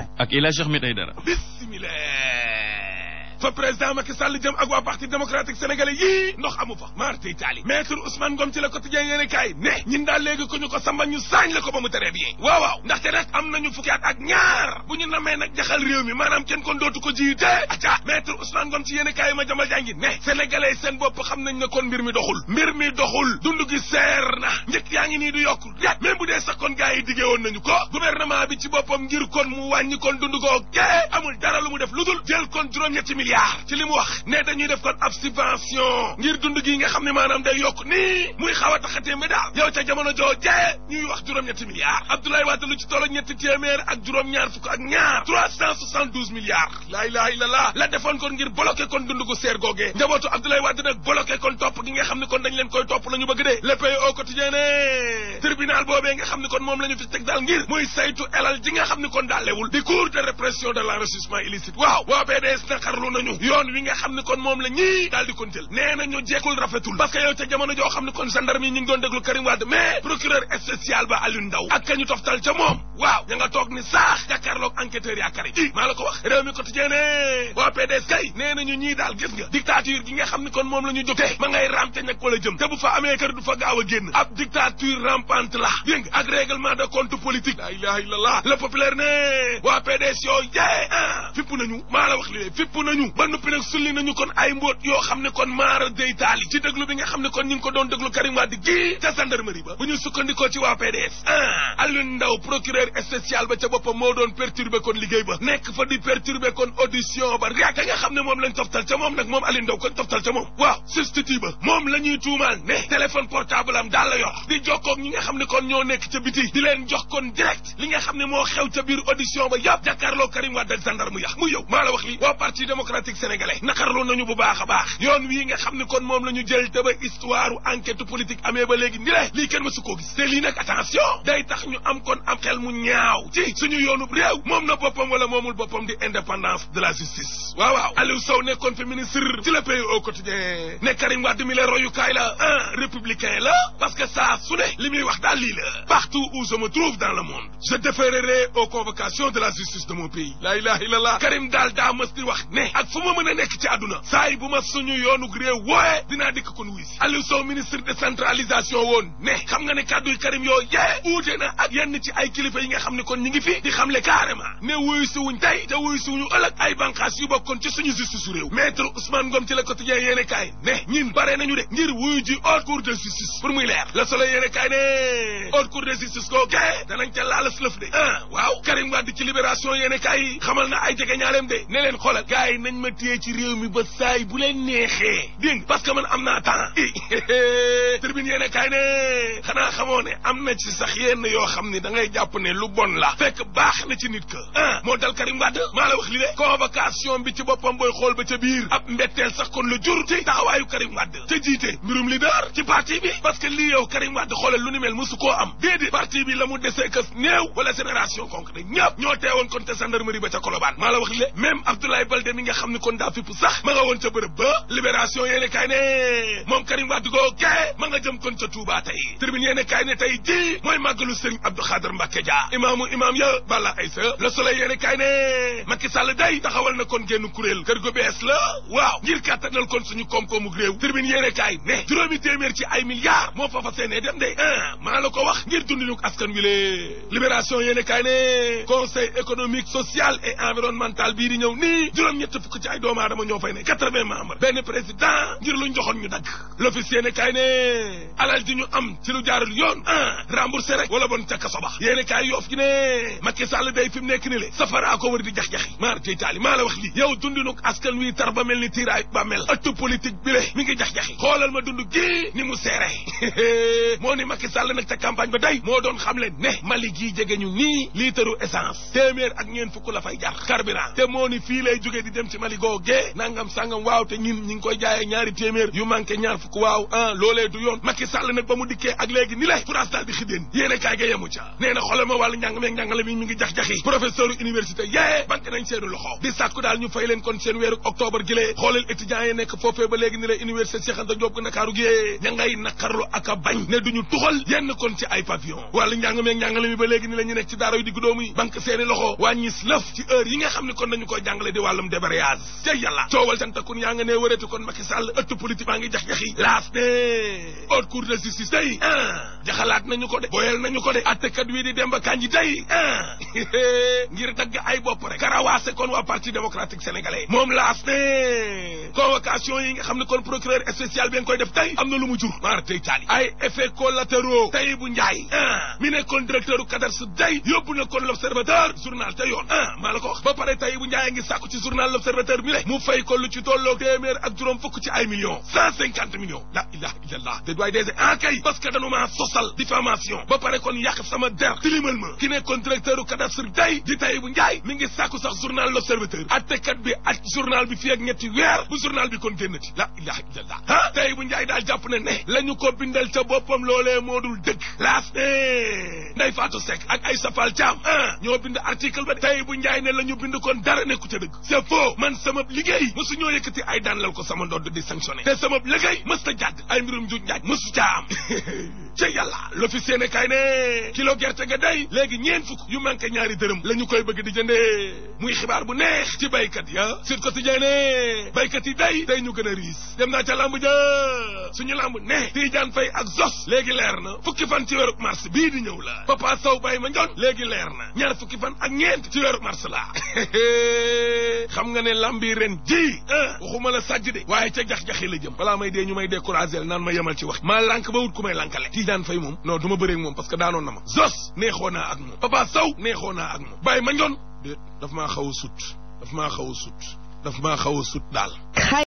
ak El Hadj Ahmed Aïdara bismillah fa président Macky Sall jëm ak waa parti démocratique sénégalais yii ndox amu fa marte itali maître Ousmane Ngom ci la quotidien yéene kaay ne ñun daal léegi ku ñu ko samba ñu saañ la ba mu tere bien waaw waaw ndaxte nag am nañu fukki ak ñaar bu ñu namee nag jaxal réew mi maanaam kenn kon dootu ko jiite acca maître Ousmane Ngom ci yéene kaay ma jamal jàngi ne sénégalais seen bopp xam nañ ne kon mbir mi doxul mbir mi doxul dund gi seer na njëkk yaa ngi nii du yokku de dee sax kon gars yi digée woon nañu ko gouvernement bi ci boppam kon kon dund koo amul dara lu mu def ludul jël kon juróom-ñetti milliards milliards ci li mu wax ne dañuy def kon ab subvention ngir dund gi nga xam ne maanaam day yokk nii muy xaw taxatee mi daal yow ca jamono joojee ñuy wax juróom-ñetti milliards Abdoulaye Wade lu ci toll ak ñetti téeméer ak juróom-ñaar fukk ak ñaar trois cent soixante-douze milliards laa ilaha illallah la defoon kon ngir bloqué kon dund gu seer googee njabootu Abdoulaye Wade nag bloqué kon topp gi nga xam ne kon dañ leen koy topp la ñu bëgg dee le pays au quotidien ne tribunal boobee nga xam ne la ñu fi ne kon daal lewul di cour de répression de l'enrichissement illicite waaw nañu yoon wi nga xam ne kon moom la ñii daal di kon jël nee nañu jekkul rafetul parce que ca jamono joo xam ne kon gendarme yi ñu ngi doon Karim Wade mais procureur spécial ba Aliou Ndao ak ka ñu toftal ca moom waaw ña toog ni saax jàkkaarloog enquêteurs yaa Karim i maa la ko wax réew mi quotidien ne waa PDS kay nee nañu ñii daal gis nga dictature gi nga xam ne kon moom la ñu jógte ma ngay raam ca ñag wala te bu fa amee du fa gaaw a génn ba noppi nag sulli nañu kon ay mbóot yoo xam ne kon maara day taali ci déglu bi nga xam ne kon ñu ngi ko doon déglu Karim Wade gii ca gendarmerie ba bu ñu sukkandikoo ci waa PDS ah Alioune Ndao procureur spécial ba ca boppam moo doon perturbé kon liggéey ba nekk fa di perturbé kon audition ba yaa nga xam ne moom lañ toftal ca moom nag moom Alioune Ndao kon toftal ca moom waaw substitut ba moom la tuumaal ne téléphone portable am daal la yor di jokkoog ñi nga xam ne kon ñoo nekk biti di leen jox kon direct nga xam ne moo xew ca biir audition ba démocratique sénégalais naqarlu nañu bu baax baax yoon wii nga xam ne kon moom la ñu jël te ba histoire enquête politique amee ba léegi ni le lii kenn mësu koo gis te lii nag attention day tax ñu am kon am xel mu ñaaw ci suñu yoonub réew moom na boppam wala moomul boppam di indépendance de la justice waaw waaw Aliou Sow nekkoon fi ministre ci le pays au quotidien ne Karim Wade mi la royukaay la républicain la parce que saa su ne li muy wax daal lii la partout où je me trouve dans de la justice de mon daal daa mës di wax ne ak fu ma mën a nekk ci àdduna saay bu ma suñu yoonug réew wooye dinaa dikk kon wuy si Aliou Sow ministre décentralisation woon ne xam nga ne kàdduy Karim yoo yee uute na ak yenn ci ay kilifa yi nga xam ne kon ñi ngi fi di xamle carrément ne wuyu si wuñ tey te wuyu si wuñu ëllëg ay banqaas yu bokkoon ci suñu justice su réew maître Ousmane Ngom ci la quotidien yéene kaay ne ñin bare nañu de ngir wuyu ji haute cour de justice pour muy leer la solo yéene kaay ne haute cour de justice ca laalas lëf de ah waaw ci libération na ay jege ñaaleem nañ ma téye ci réew mi ba saay bu leen neexee dégg parce que man am na temps i eh, eh, eh. tribune yéen a kaay ne xanaa xamoo am na ci sax yenn yoo xam ni da ngay jàpp ne lu bon la fekk baax na ci nit ka ah moo dal Karim Wade maa la wax li de convocation bi ci boppam booy xool ba ca biir ab mbetteel sax kon la jur ci taxawaayu Karim Wade ca jiite mbirum leader ci parti bi parce que lii yow Karim Wade xoolal lu ni mel mosu koo am parti bi la mu desee kës néew nga xam ni kon daa fipp sax ma nga woon ca bërëb ba libération yéene moom Karim Wade googee ma nga jëm kon ca Touba tey tribune yéene kaay ne tey ji mooy màggalu Serigne Abdou Khader Mbacke Dia imaamu imaam ya Balla Aïssa Le Soleil yéene kaay ne Macky Sall day taxawal na kon génn kuréel kër gu bees la waaw ngir kàttanal kon suñu kom koomu réew tribune yéene kaay ne juróomi téeméer ci ay milliards moo fa fas yéene dem de ah maa la ko wax ngir dunduñu askan wi lee libération yéene kaay ne conseil économique bii di ñëw nii juróom fukk ci ay doomu aadama ñoo fay ne quatre-vingts membres benn président ngir luñ joxoon dagg l'officier yéene kaay ne alal ji ñu am ci lu jaarul yoon ah remboursé rek wala bon ca kaso ba yéene kaay yoof gi ne Macky Sall day fi mu nekk ni le safaraa ko wër di jax-jaxi maar jëy taali maa la wax lii yow dundinu askan wi tar ba mel ni tiiraay ba mel ëttu politique bi mi ngi jax-jaxi xoolal ma dund gi ni mu seere moo ni Macky Sall nag ca campagne ba day moo doon xam le ne Mali gii jege ñu nii ak ñeen la fay jar carburant te dem Mali googee nangam sangam waaw te ñun ñi ngi koy jaayee ñaari téeméer yu manqué ñaar fukk waaw ah loolee du yoon Macky Sall nag ba mu dikkee ak léegi ni la France daal di xidéen yéen a kaay ga yemu ca nee na xoolal ma wàllu mi ba léegi ni la université a bañ ne duñu tuxal yenn kon ci nekk ci daara yu diggu doomu yi banque seeni loxo wàññis lëf ci heure yi nga xam ne kon dañu koy jàngale di wàllum débaraya gaz ca yàlla coowal cantakun yaa nga ne wërati kon Macky Sall ëtt politique baa ngi jax-jaxi laas ne haute cour de justice day a ah. jaxalaat nañu ko de boyal nañu ko de attekat wii di a Kandji day a ah. ngir dagg ay bopp rek karawaase kon waa parti démocratique sénégalais moom laas ne convocation yi nga xam ne kon procureur spécial bi koy def tey am na lu mu maar tey taali ay effets collatéraux tey bu njaay a ah. mi nekkoon directeur u kadar su day na kon l'observateur journal te a maa la ko wax ba pare tey l'observateur mi le mu fay ko lu ci tolloo téeméer ak juróom fukk ci ay millions la ilaha illallah te duwaay dese en kay parce que dañu sosal diffamation ba pare kon yàq sama der tilimal ma ki nekkoon directeur cadastre day di tay bu njaay mi ngi sàkku sax journal l'observateur attekat bi ak journal bi fii ak weer bu journal bi kon génnati la ilaha illallah tay bu njaay daal jàpp ne ne la ko bindal ca boppam loolee moo dul dëgg laas nday faatu sek ak ay safal caam man sama liggéey mësu ñoo yëkkati ay daan lal ko sama ndodd di sanctionné te sama liggéey mës ta jàdd ay mbirum njuuj njaaj mësu ca am ca yàlla l'officier ne kay ne kilo gerte ga day léegi ñeen fukk yu manqué ñaari dërëm la ñu koy bëgg di jëndee muy xibaar bu neex ci baykat ya Sud Quotidien ne baykat yi day day ñu gën a riis dem naa ca lamb ja suñu lamb ne Tidiane Faye ak Zos léegi leer na fukki fan ci weeru mars bii di ñëw la Papa Sow Baye ma njoon léegi leer na ñaar fukki fan ak ñeent ci weeru mars la xam nga ne ne lambi ren ji ah. waxuma la sàjj de waaye ca jax-jaxi la jëm balaa may dee ñu may découragé naan ma yemal ci wax maa lànk ba wut ku may lànkale Tidiane Faye moom non du ma bëreeg moom parce que daanoon na ma zos neexoo naa ak moom Papa Sow neexoo naa ak moom bàyyi ma njoon déet daf maa xaw a sut daf maa xaw a daf maa xaw a sut daal